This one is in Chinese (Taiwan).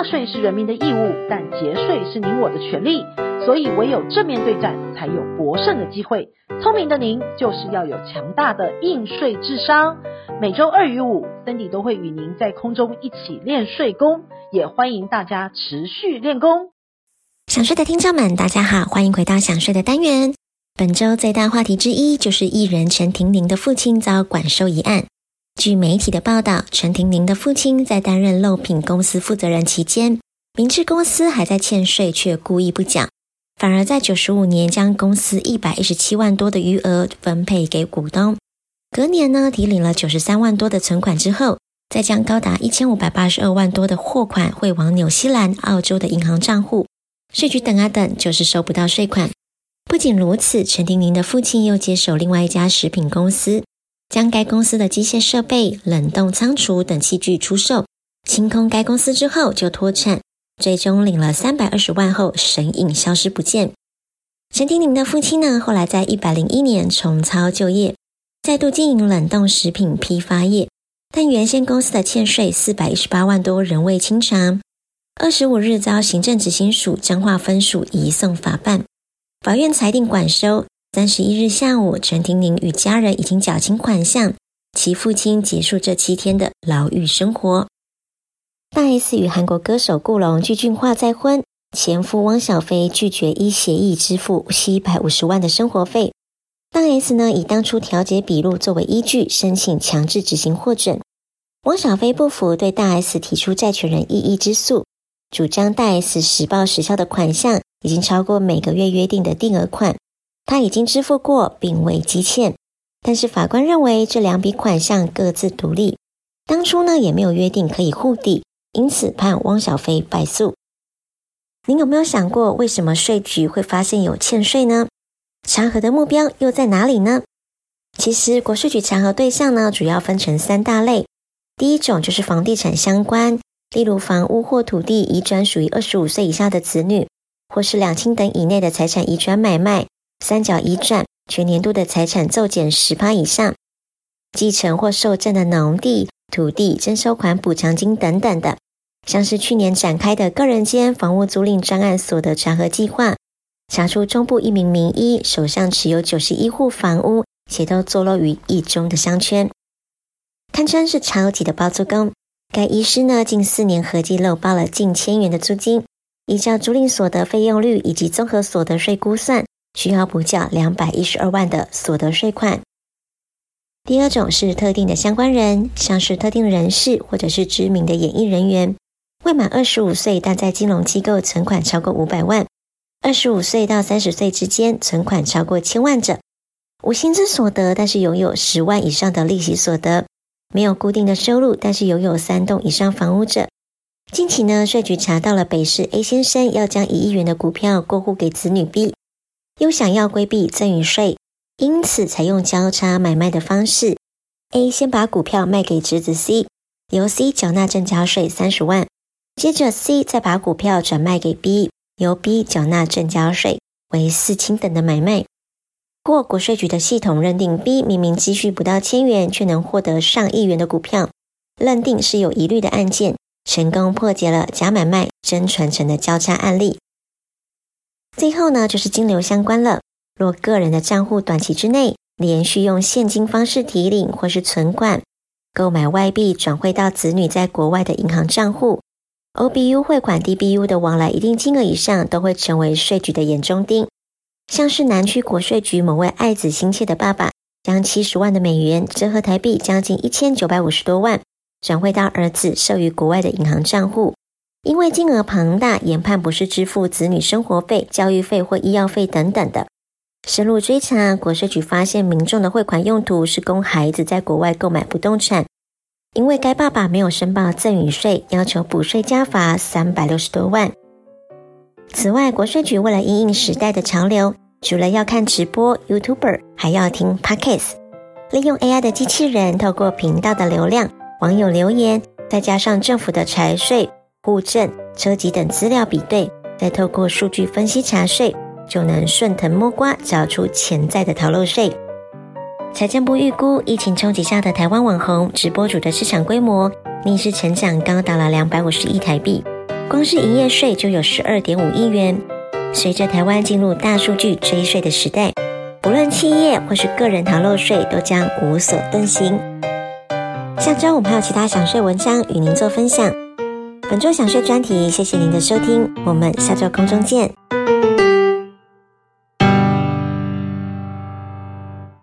納稅是人民的義務，但節稅是你我的權利。所以唯有正面對戰，才有博勝的機會。聰明的您，就是要有強大的應稅智商。每周二與五，森迪都會與您在空中一起練稅功，也歡迎大家持續練功。想稅的聽眾們，大家好，歡迎回到想稅的單元。本周最大話題之一就是藝人陳婷寧的父親遭管收一案。據媒體的報道，陳婷寧的父親在擔任肉品公司負責人期間，明知公司還在欠稅，卻故意不繳，反而在九十五年將公司一百一十七萬多的餘額分配給股東。隔年呢，提領了九十三萬多的存款之後，再將高達一千五百八十二萬多的貨款匯往紐西蘭、澳洲的銀行賬戶。稅局等啊等，就是收不到稅款。不僅如此，陳婷寧的父親又接手另外一家食品公司。將該公司的機械設備、冷凍倉儲等器具出售，清空該公司之後就脫產，最終領了三百二十萬後神隱消失不見。陳廷寧的父親呢，後來在一百零一年重操舊業，再度經營冷凍食品批發業，但原先公司的欠稅四百一十八萬多仍未清償，二十五日遭行政執行署彰化分署移送法辦，法院裁定管收。三十一日下午，陳婷婷與家人已經繳清款項，其父親結束這七天的牢獄生活。大 S 與韓國歌手顧龍具俊曄再婚，前夫汪小菲拒絕依協議支付七百五十萬的生活費。大 S 呢以當初調解筆錄作為依據，申請強制執行獲準。汪小菲不服，對大 S 提出債權人異議之訴，主張大 S 實報實銷的款項已經超過每個月約定的定額款。他已經支付過，並未積欠，但是法官認為這兩筆款項各自獨立，當初呢也沒有約定可以互抵，因此判汪小菲敗訴。您有沒有想過，為什麼稅局會發現有欠稅呢？查核的目標又在哪裡呢？其實國稅局查核對象呢，主要分成三大類，第一種就是房地產相關，例如房屋或土地移轉屬於二十五歲以下的子女，或是兩親等以內的財產移轉買賣。三角移轉，全年度的財產驟減十趴以上，繼承或受贈的農地、土地徵收款、補償金等等的，像是去年展開的個人間房屋租賃專案所得查核計劃，查出中部一名名醫手上持有九十一戶房屋，且都坐落於一中的商圈，堪稱是超級的包租公。該醫師呢，近四年合計漏報了近千元的租金，依照租賃所得費用率以及綜合所得稅估算。需要補繳兩百一十二萬的所得稅款。第二種是特定的相關人，像是特定人士或者是知名的演藝人員，未滿二十五歲但在金融機構存款超過五百萬，二十五歲到三十歲之間存款超過千萬者，無薪資所得但是擁有十萬以上的利息所得，沒有固定的收入但是擁有三棟以上房屋者。近期呢，稅局查到了北市 A 先生要將一億元的股票過戶給子女 B。又想要規避贈與稅，因此採用交叉買賣的方式：A 先把股票賣給侄子 C，由 C 繳納證交稅三十萬；接着 C 再把股票轉賣給 B，由 B 繳納證交稅為四千等的買賣。過國稅局的系統認定，B 明明積蓄不到千元，卻能獲得上億元的股票，認定是有疑慮的案件，成功破解了假買賣真傳承的交叉案例。最後呢，就是金流相關了。若個人的賬戶短期之內連續用現金方式提領或是存款，購買外幣轉汇到子女在國外的銀行賬戶，OBU 汇款、DBU 的往來一定金額以上，都會成為稅局的眼中釘。像是南區國稅局某位愛子心切的爸爸，將七十萬的美元折合台幣將近一千九百五十多萬，轉匯到兒子設於國外的銀行賬戶。因為金額龐大，研判不是支付子女生活費、教育費或醫藥費等等的，深入追查，國稅局發現民眾的匯款用途是供孩子在國外購買不動產。因為該爸爸沒有申報贈與稅，要求補稅加罰三百六十多萬。此外，國稅局為了因應時代的潮流，除了要看直播 YouTuber，還要聽 Podcast，利用 AI 的機器人透過頻道的流量、網友留言，再加上政府的財稅，戶政、車籍等資料比對，再透過數據分析查稅，就能順藤摸瓜找出潛在的逃漏稅。財政部預估，疫情衝擊下的台灣網紅直播主的市場規模逆勢成長，高達了兩百五十億台幣，光是營業稅就有十二點五億元。隨着台灣進入大數據追稅的時代，不論企業或是個人逃漏稅都將無所遁形。下周我們還有其他想稅文章與您做分享。本周想睡專題，謝謝您的收聽，我們下周空中見。